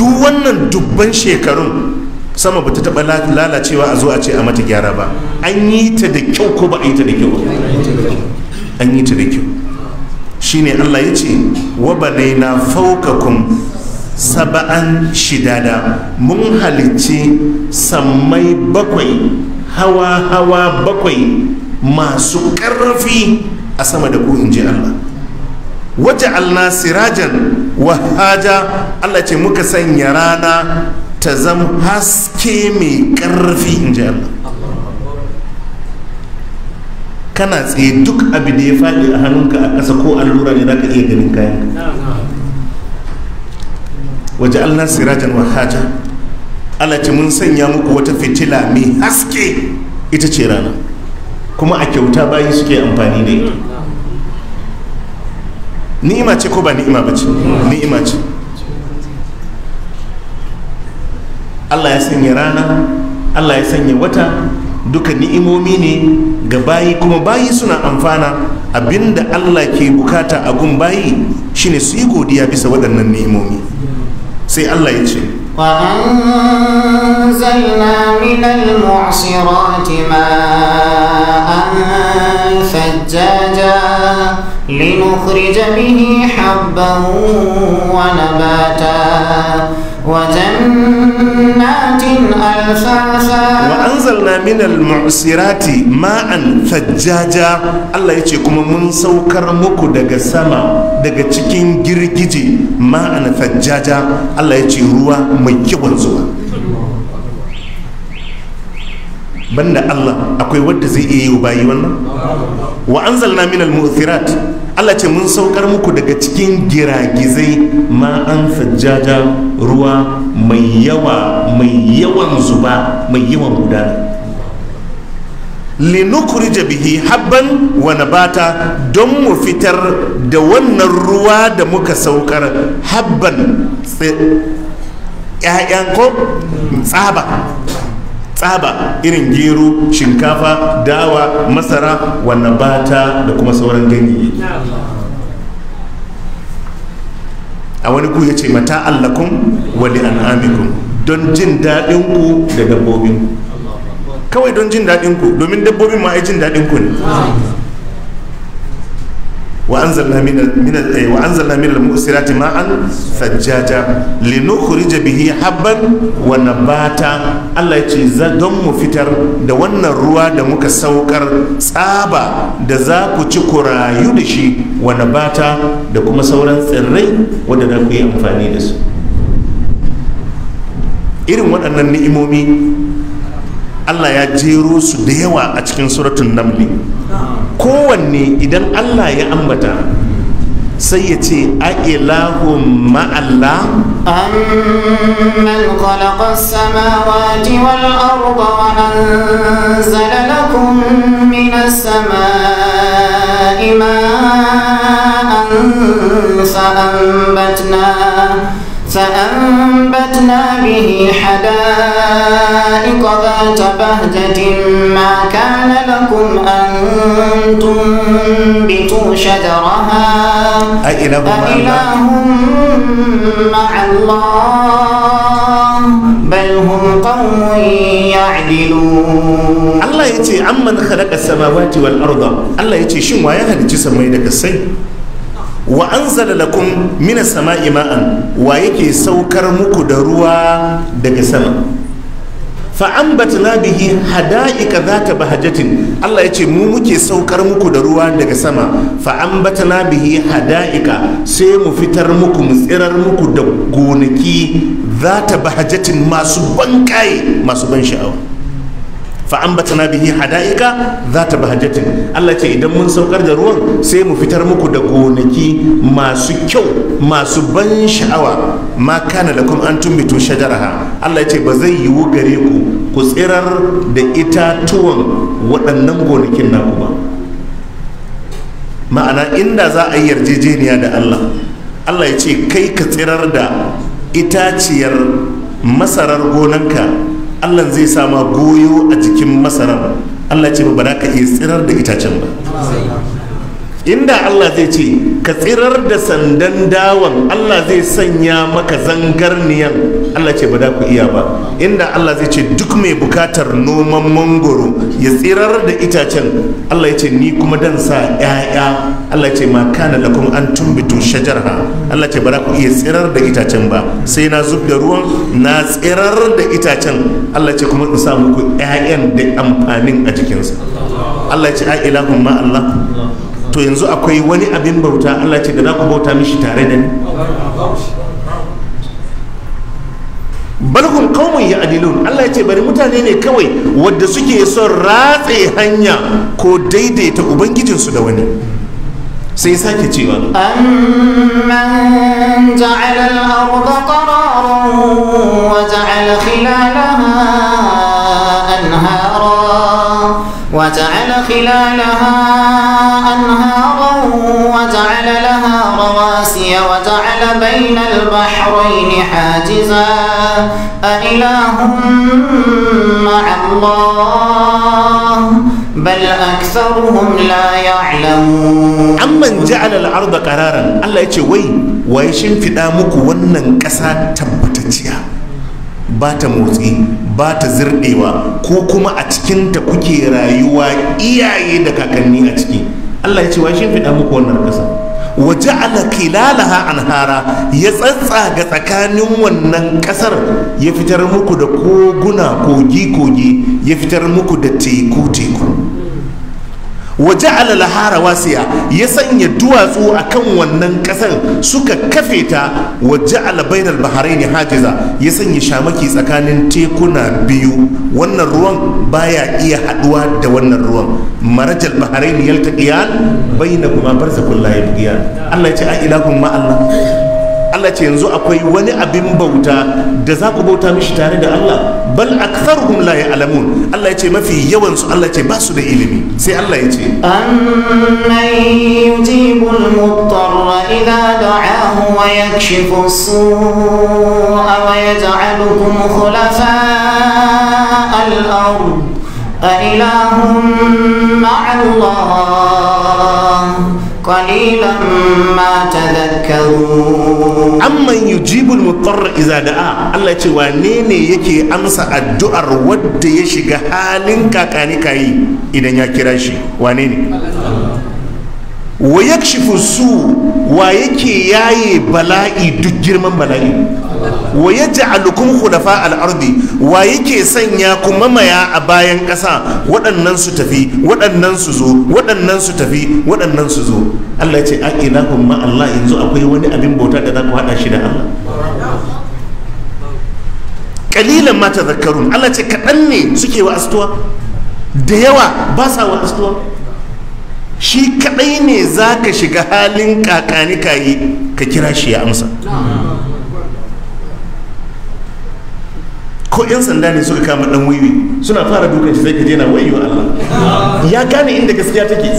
duk wannan dubban shekarun sama ba ta taba lalacewa a zo a ce a mata gyara ba an yi ta da kyau ko ba a yi ta da kyau an yi ta da kyau shine Allah ya ce wa banaina fawkakum saba'an shidada mun halicci sammai bakwai hawa hawa bakwai masu ƙarfi a sama da ku inji Allah waje alnasirajan sirajan wahaja Allah ce muka sanya rana ta zama haske mai ƙarfi inji Allah kana tsaye duk abin da ya faɗi a hannunka a ƙasa ko allura ne za ka iya ganin kayan waje allah sirajan wahaja allah ce mun sanya muku wata fitila mai haske ita ce rana kuma a kyauta bayi suke amfani da ita ni'ima ce ko ba ni'ima ba ce ni'ima ce allah ya sanya rana allah ya sanya wata duka ni'imomi ne ga bayi kuma bayi suna amfana abinda allah ke bukata a gun bayi shine su yi godiya bisa waɗannan ni'imomi sai allah ya ce وأنزلنا من المعصرات ماء ثجاجا لنخرج به حبا ونباتا وجنات ألفافا وأنزلنا من المعسرات ماء Allah الله يجي كما من سوكر مكو دغ سما cikin girgije ma'an thajjaja Allah ya ce ruwa mai yawan zuwa banda Allah akwai wadda zai iya yi bayi wannan wa anzalna minal mu'thirat Allah ce mun saukar muku daga cikin giragizai ma an sajjaja ruwa mai yawa mai yawan zuba mai yawan gudana linukuri bihi habban wani bata don mu fitar da wannan ruwa da muka saukar habban ‘ya'yan ko tsaba tsaba irin gero shinkafa dawa masara wannan bata da kuma sauran gani a wani ku ya ce mata allakun wali an'amikun don jin daɗinku da dabbobinku kawai don jin daɗinku domin dabbobin ma ai jin daɗinku ne وأنزلنا من من وأنزلنا من المؤسرات ماء ثجاجا لنخرج به حبا ونباتا الله يجي زدم مفتر da wannan ruwa da muka saukar tsaba da za ku ci kurayu da shi wa nabata da kuma sauran tsirrai wanda za ku amfani da su irin waɗannan ni'imomi Allah ya jero su da yawa a cikin suratun namli kowanne idan allah ya ambata sai ya ce a ilahun ma'alla amman khalaqa samawati wal arda wa anzala lakum minas samai ma'an fa'ambatna فأنبتنا به حدائق ذات بهجة ما كان لكم أن تنبتوا شجرها أإله مع الله بل هم قوم يعدلون الله يتي عمن خلق السماوات والأرض الله يتي شو ما يهدي جسم ما wa anzala lakum mina sama'i ima'an wa yake saukar muku da ruwa daga sama fa ambatna bihi hada'ika zata bahajatin Allah ya ce mu muke saukar muku da ruwa daga sama fa ambatna bihi hada'ika sai mu fitar muku mu tsirar muku da gonaki zata bahajatin masu ban kaye masu ban sha'awa fa ambatana bihi hada'ika zata bahjatin Allah ce idan mun saukar da ruwan sai mu fitar muku da gonaki masu kyau masu ban sha'awa ma kana kuma an tumbitu shajaraha Allah ce ba zai yiwu gare ku ku tsirar da itatuwan waɗannan gonakin naku ba ma'ana inda za a yi yarjejeniya da Allah Allah ya ce kai ka tsirar da itaciyar masarar gonanka allah zai sama goyo a jikin masarar allah ce ba ba ka iya tsirar da itacen ba inda allah zai ce ka tsirar da sandan dawan Allah zai sanya maka zangarniyan Allah ce ba da ku iya ba inda Allah zai ce duk mai bukatar noman mangoro ya tsirar da itacen Allah ya ce ni kuma dan sa ya'ya Allah ce ma kana kuma an tumbitu shajarha Allah ce ba da ku iya tsirar da itacen ba sai na zub da ruwan na tsirar da itacen Allah ce kuma in sa muku ƴaƴan da amfanin a jikinsa Allah ya ce a ilahun ma Allah to yanzu akwai wani abin bauta Allah ce da za ku bauta mishi tare da ni kawai ya adilun Allah ya ce bari mutane ne kawai wadda suke son ratse hanya ko daidaita ubangijinsu da wani sai sake cewa amman ja'ala al-ardha qararan wa ja'ala khilalaha وجعل خلالها أنهارا وجعل لها رواسي وجعل بين البحرين حاجزا أإله مع الله بل أكثرهم لا يعلمون عمن جعل الأرض قرارا الله يتشوي ويشن في دامك ونن كسا تبتتيا ba ta motsi ba ta zirɗewa ko kuma a cikinta kuke rayuwa iyaye da kakanni a ciki allah ya ce wa shi fiɗa muku wannan ƙasa waje kilalaha anhara ya ga tsakanin wannan ƙasar ya fitar muku da koguna kogi-kogi ya fitar muku da teku-teku waje alalahara wasiya ya sanya duwatsu a kan wannan ƙasar suka kafe ta waje alabainar baharaini ne hajiza ya sanya shamaki tsakanin tekuna biyu wannan ruwan baya iya haɗuwa da wannan ruwan marajal baharaini yalta ƙiyal bai na kuma barza kullaye ƙiyal allah ya ce a ilakun ma allah Allah ce yanzu akwai wani abin bauta da za ku bauta mishi tare da Allah bal aktharuhum la ya'lamun Allah ya ce mafi yawan su Allah ce ba su da ilimi sai Allah ya ce amman yujibul muttarra idha da'ahu wa yakshifu as-su'a wa yaj'alukum khulafa'a al-ard a ilahum ma'a Allah Amman yi jibul mutar iza da a, Allah ce wa ne ne yake amsa addu’ar wadda ya shiga halin kakani kayi idan ya kira shi, wa ne ne? wa ya su wa yake yaye bala'i duk girman bala'i wa yaj'alukum al'ukun hudafa ardi wa yake sanya kuma maya a bayan ƙasa waɗannan su tafi waɗannan su zo waɗannan su tafi waɗannan su zo Allah ce ake na kuma Allah yanzu akwai wani abin bauta da za ku haɗa shi da Allah kalilan mata zakarun Allah ce kaɗan ne suke wa astuwa da yawa ba sa wa astuwa shi kadai ne za ka shiga halin kakani kayi ka kira shi ya amsa ko 'yan sanda ne suka kama dan wiwi suna fara dukan shi sai ka jena wayo Allah ya gane inda gaskiya take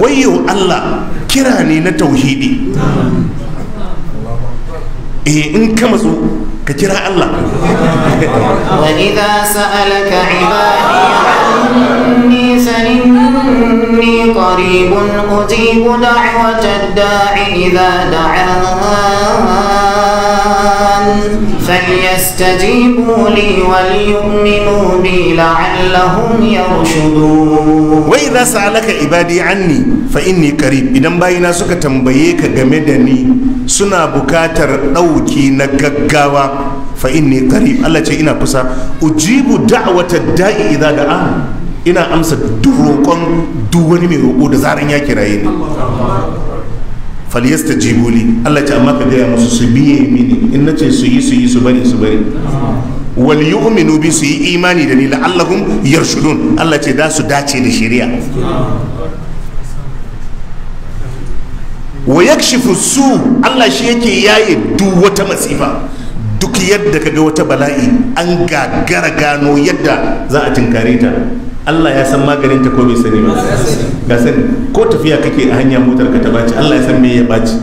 wayo Allah kira ne na tauhidi eh in ka matsu كجرا الله وإذا سألك عبادي عني سنني قريب أجيب دعوة الداع إذا دعاه فليستجيبوا لي وليؤمنوا بي لعلهم يرشدون وإذا سألك عبادي عني فإني قريب إذا باينا سكا تنبيك غمدني سنا بكاتر ɗauki na gaggawa fa inni qarib Allah ce ina kusa ujibu da'wata da'i idza ina amsa duk roƙon duk wani mai roƙo da zaran ya kiraye faliyasta jibuli Allah ce amma ka gaya musu su biye mini in na ce su yi su yi su bari su bari wal yu'minu bi su yi imani da ni la'allahum yarshudun Allah ce da su dace da shari'a wa yakshifu su Allah shi yake yaye duk wata masifa duk yadda kaga wata bala'i an gagara gano yadda za a tinkare ta Allah ya san maganin ta ko bai sani ba ga sani ko tafiya kake a hanya motar ka ta baci Allah ya san me ya baci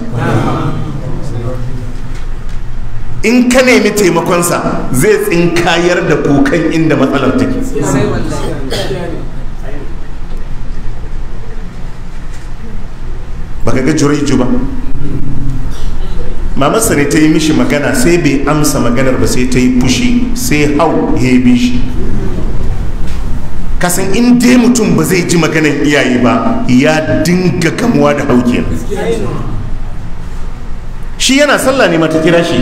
in ka nemi taimakonsa zai tsinkayar da kukan inda matsalar take baka ga juriju ba mama ne ta yi mishi magana sai bai amsa maganar ba sai ta yi fushi sai hau ya bi shi kasan in dai mutum ba zai ji maganan iyaye ba ya dinga gamuwa da haukiyar shi yana sallah ne mata kira shi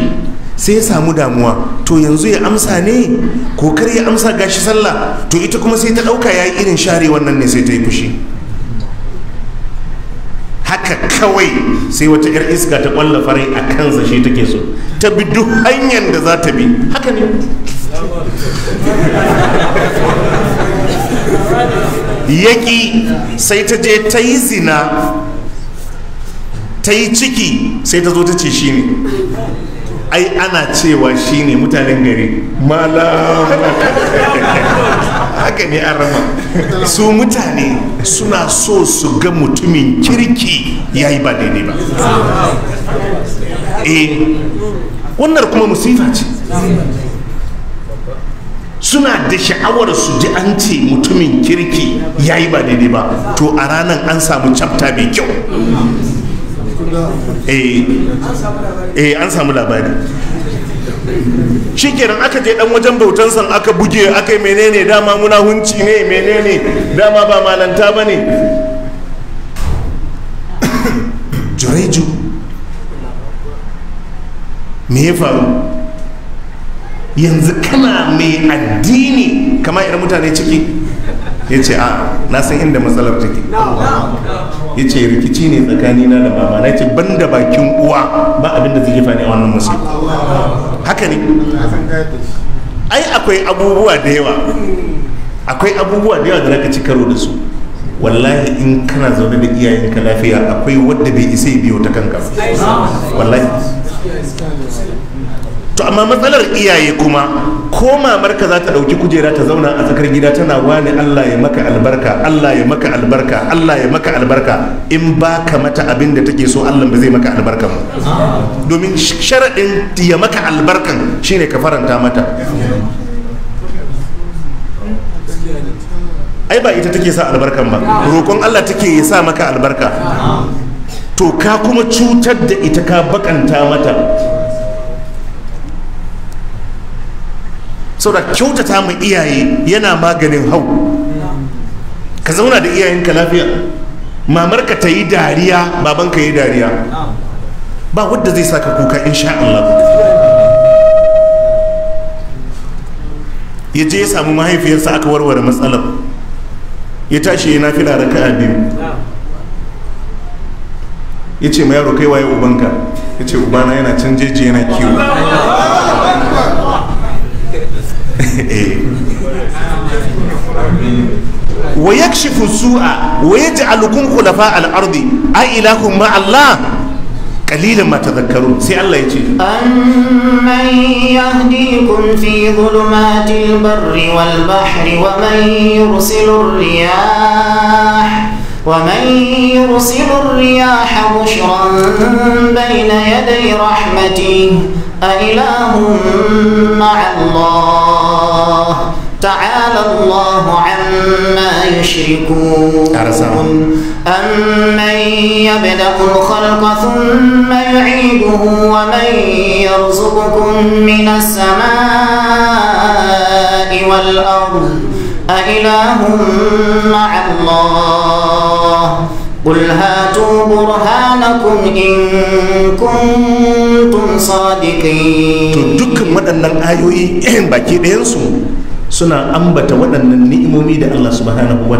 sai ya samu damuwa to yanzu ya amsa ne ko kar ya amsa gashi sallah to ita kuma sai ta ɗauka ya yi irin share wannan ne sai ta yi fushi haka kawai sai wata 'yar iska ta ƙwalla farai a kansa shi take so ta bi duk hanyar da za ta bi haka ne yaki sai ta je ta yi zina ta yi ciki sai ta zo ta ce shi ne ai ana cewa shi ne mutanen gari malam haka ne an su mutane suna so su ga mutumin kirki ya yi ba daidai ba E, wannan kuma musifa ce suna da sha'awar su ji an ce mutumin kirki ya yi ba daidai ba to a ranar an samu capta mai kyau eh, eh an samu labari shikenan aka je dan wajen bautan san aka buge aka yi menene dama muna hunci ne menene dama ba malanta ba ne jureju me ya faru yanzu kana mai addini kama irin mutane ciki ya ce a na san inda matsalar take ya ce rikici ne tsakanina da baba na ce ban da bakin uwa ba abinda zai jefa a wannan musu haka ne ai akwai abubuwa da yawa akwai abubuwa da yawa da naka ci karo da su wallahi in kana zaune da iyayenka lafiya akwai wadda bai isa biyo ta kanka wallahi to amma matsalar iyaye kuma ko mamarka za ta ɗauki kujera ta zauna a tsakar gida tana wani allah ya maka albarka allah ya maka albarka allah ya maka albarka in ba ka mata abin da take so allah ba zai maka albarkan domin sharaɗin ya maka albarkan shine ka faranta mata ai ba ita take sa albarkan ba roƙon allah take ya sa maka albarka to ka kuma cutar da ita ka bakanta mata saboda kyautata mu iyaye yana maganin hau ka zauna da iyayenka lafiya mamarka ta yi dariya babanka yi dariya ba wadda zai saka kuka insha Allah ya je ya samu mahaifiyarsa aka warware matsalar ya tashi ya nafi raka a biyu ya ce ma yaro kai waye ubanka ya ce ubana yana can yana kiwo إيه. ويكشف السوء ويجعلكم خلفاء الارض اي اله مع الله قليلا ما تذكرون سي الله يجي أمن يهديكم في ظلمات البر والبحر ومن يرسل الرياح ومن يرسل الرياح بشرا بين يدي رحمته أإله مع الله تعالى الله عما يشركون أمن يبدأ الخلق ثم يعيده ومن يرزقكم من السماء والأرض أإله مع الله قل هاتوا برهانكم إن كنتم صادقين dukkan waɗannan ayoyi baki ɗayansu suna ambata waɗannan ni'imomi da Allah subhanahu wa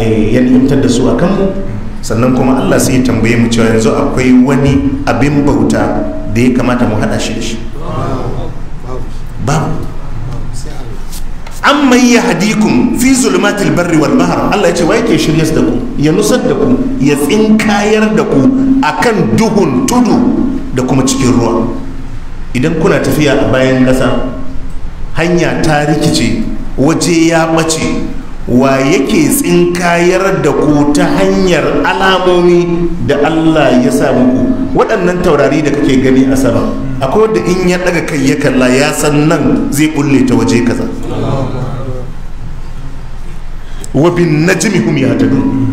eh, ya ni'imtar da su a kanmu sannan kuma Allah sai ya tambaye mu cewa yanzu akwai wani abin bauta da ya kamata mu haɗa shi shi mai ya hadikun fi zulmatil barri wal bahar Allah ya ce wa yake shirya da ku ya nusar da ku ya tsinkayar da ku akan duhun tudu da kuma cikin ruwa idan kuna tafiya a bayan ƙasa hanya ta rikice waje ya ɓace wa yake tsinkayar da ku ta hanyar alamomi da Allah ya sa muku waɗannan taurari da kake gani a sama akwai wadda in ya daga kai ya kalla ya san nan zai bulle ta waje kaza wa bin najmi hum yahtadun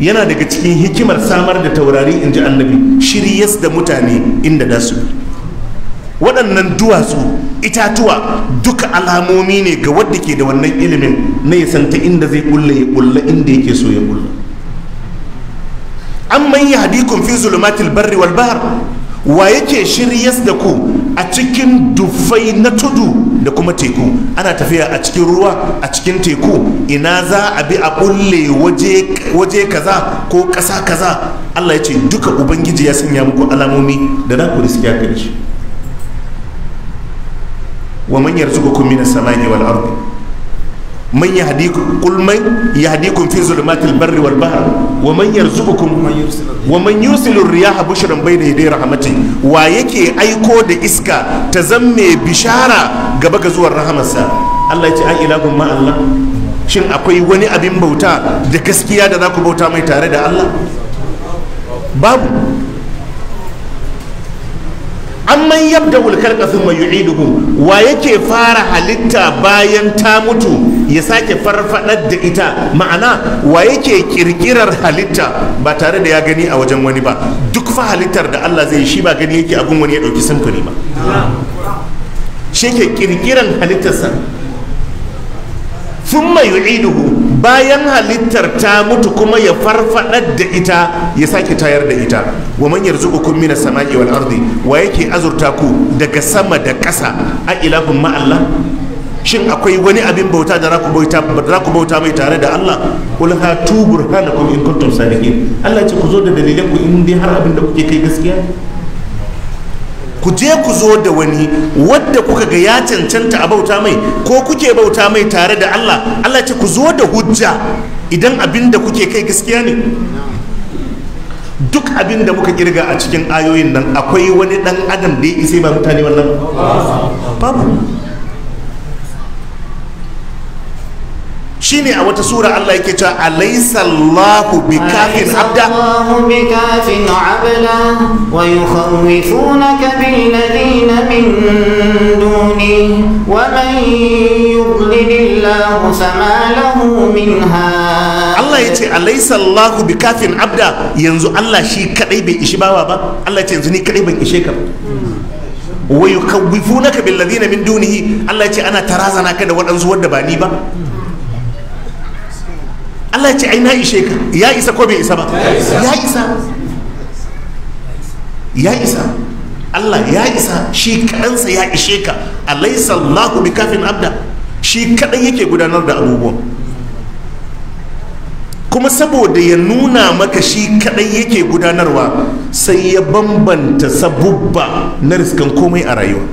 yana daga cikin hikimar samar da taurari in ji annabi shiryas da mutane inda da su waɗannan duwatsu itatuwa duka alamomi ne ga wadda ke da wannan ilimin na ya santa inda zai ƙulla ya ƙulla inda yake so ya ƙulla an man ya hadikun fi zulumatil barri wal wa yake shiryas da ku a cikin dufai na tudu da kuma teku ana tafiya a cikin ruwa a cikin teku ina za a bi a kulle waje kaza ko kasa kaza Allah ya ce duka ubangiji ya sanya muku alamomi da na ku riski aka wa shi wa man yarzuqukum samani samai wal ardi من يهديكم قل من يهديكم في ظلمات البر والبحر ومن يرزقكم ومن يرسل الرياح بشرا بين يدي رحمته ويكي ايكو da اسكا تزمي بشاره غبا gaba ga zuwan rahamarsa Allah ya ce ai ilahun ma Allah shin akwai wani abin bauta da gaskiya da za ku bauta mai tare da yabda wulkar kafin mai yu'iduhu wa yake fara halitta bayan ta mutu ya sake farfadar da ita ma'ana wa yake kirkirar halitta ba tare da ya gani a wajen wani ba duk fa halittar da Allah zai shi ba gani yake abun wani ya dauki samfuri ba shi ke kirkiran halittarsa thumma yu'iduhu bayan halittar ta mutu kuma ya farfadar da ita ya sake tayar da ita wa man yarzuqukum minas sama'i wal ardi wa yake azurta ku daga sama da ƙasa a ilahun ma Allah shin akwai wani abin bauta da zaku bauta da ku bauta mai tare da Allah kul hatu burhanakum in kuntum sadiqin Allah ce ku zo da dalilan ku in dai har abin da kuke kai gaskiya ku je ku zo da wani wadda kuka ga ya cancanta a bauta mai ko kuke bauta mai tare da Allah Allah ce ku zo da hujja idan abin da kuke kai gaskiya ne duk abin da muka kirga a cikin ayoyin nan akwai wani dan adam da ya isa ba mutane wannan babu shine a wata sura Allah yake cewa alaysa Allahu bikafin abda Allahu bikafin abda wa yukhawifunaka bil min duni wa man yudlil Allah fama lahu min ha Allah yace alaysa Allahu bikafin abda yanzu Allah shi kadai bai ishi bawa ba Allah ce yanzu ni kadai ban ishe ka wa yukhawifunaka bil ladina min dunihi Allah ya ce ana tarazana ka da waɗansu wadda ba ni ba Allah ce ai na ishe ka ya isa ko bai isa ba ya isa ya isa Allah ya isa shi kaɗansa ya ishe ka alaisa Allahu bi kafin abda shi kaɗai yake gudanar da abubuwa, kuma saboda ya nuna maka shi kaɗai yake gudanarwa sai ya bambanta sabubba na riskan komai a rayuwa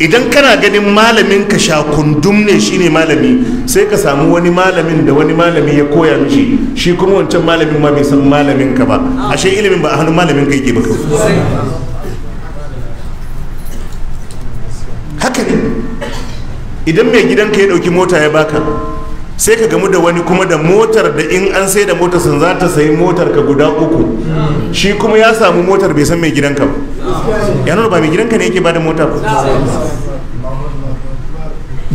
idan kana ganin malamin ka sha kundum ne shine malami sai ka samu wani malamin da wani malami ya koya mishi shi kuma wancan malamin ma bai san malamin ka ba ashe ilimin ba a hannun malamin ka yake baka haka ne idan mai gidanka ya dauki mota ya baka sai ka gamu da wani kuma da motar da in an sai da motar sun za ta sayi motar ka guda uku shi kuma ya samu motar bai san mai gidanka ba ya nuna ba mai gidanka ne yake bada mota ba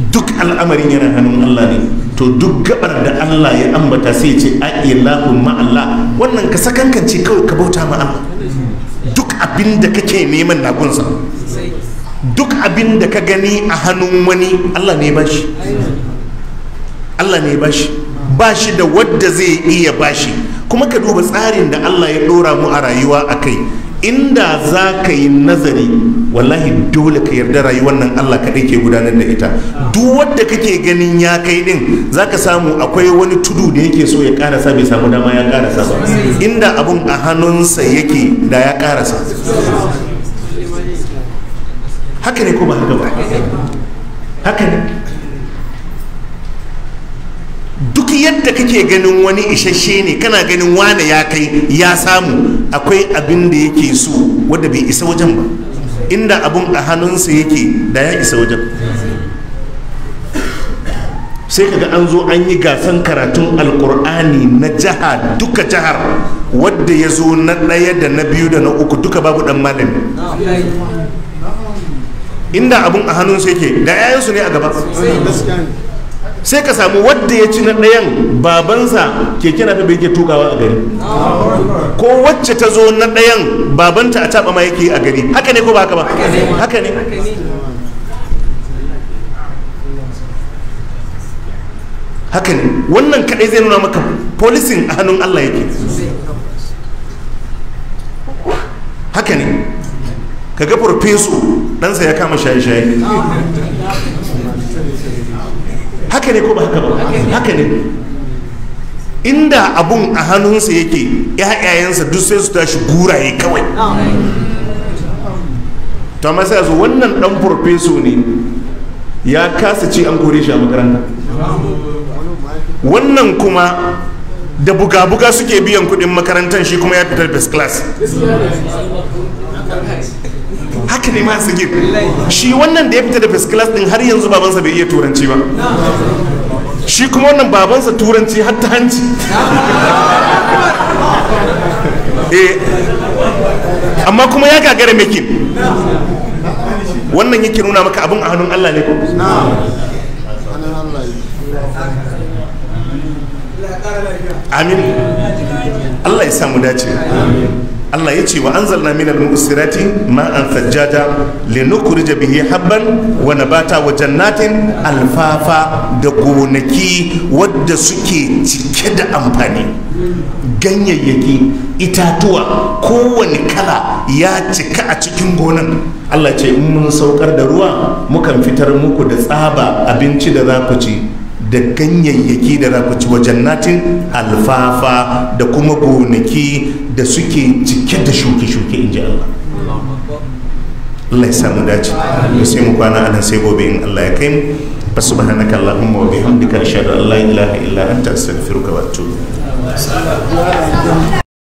duk al'amarin yana hannun Allah ne to duk gabar da Allah ya ambata sai ce a ma Allah. wannan ka sakankance kawai ka bauta ma Allah duk abin da kake neman nagunsa duk abin da ka gani a hannun wani Allah ne ba shi Allah ne ba shi ba shi da wadda zai iya ba shi kuma ka duba tsarin da Allah ya ɗora mu a rayuwa a kai inda za ka yi nazari wallahi dole ka yarda rayuwar nan Allah kaɗai ke gudanar da ita duk wadda kake ganin ya kai din za ka samu akwai wani tudu da yake so ya karasa bai samu dama ya karasa ba inda abun a hannunsa yake da ya karasa haka ne ko ba haka ba haka ne yadda kake ganin wani isasshe ne kana ganin wane ya kai ya samu akwai abin da yake so wadda bai isa wajen ba inda abun a hannunsa yake da ya isa wajen sai kaga an zo an yi gasan karatun alkur'ani na jiha duka jihar wadda ya zo na ɗaya da na biyu da na uku duka babu dan malami inda abun a hannunsa yake da 'ya'yansu ne a gaba sai ka samu wadda ya ci na ɗayan babansa keke na fi bai ke tukawa a gari ko wacce ta zo na ɗayan babanta a taɓa ma yake a gari haka ne ko ba haka ba haka ne haka ne wannan kaɗai zai nuna maka polisin a hannun allah yake haka ne kaga farfesu ɗansa ya kama shaye-shaye haka ne ko ba haka ba haka ne inda abun a hannunsa yake ƴaƴayensa duk sai su tashi guraye kawai ta masu sai wannan dan farfeso ne ya kasa ci an kore shi a makaranta wannan kuma da buga-buga suke biyan kudin makarantar shi kuma ya fitar first class haka nema su sigir shi wannan da ya fita da first class din har yanzu babansa bai iya turanci ba shi kuma wannan babansa turanci har ta hanci eh, amma kuma ya gagara makin wannan yake nuna maka abin a hannun Allah ne ko amin Allah ya samu dace amin Allah ya ce wa min al mu'sirati ma'an sajjada linukrija bihi habban wa nabata wa jannatin alfafa da gonaki wadda suke cike da amfani ganyayyaki itatuwa kowane kala ya cika a cikin gonan Allah ce in mun saukar da ruwa mukan fitar muku da tsaba abinci da za ku ci da ganyayyaki da za wa ci wajen natin alfafa da kuma gonaki da suke cike da shuke-shuke in ji Allah Allah ya samu dace sai mu kwana anan sai gobe in Allah ya kai mu فسبحانك اللهم وبحمدك Allah ان ilaha اله الا انت استغفرك واتوب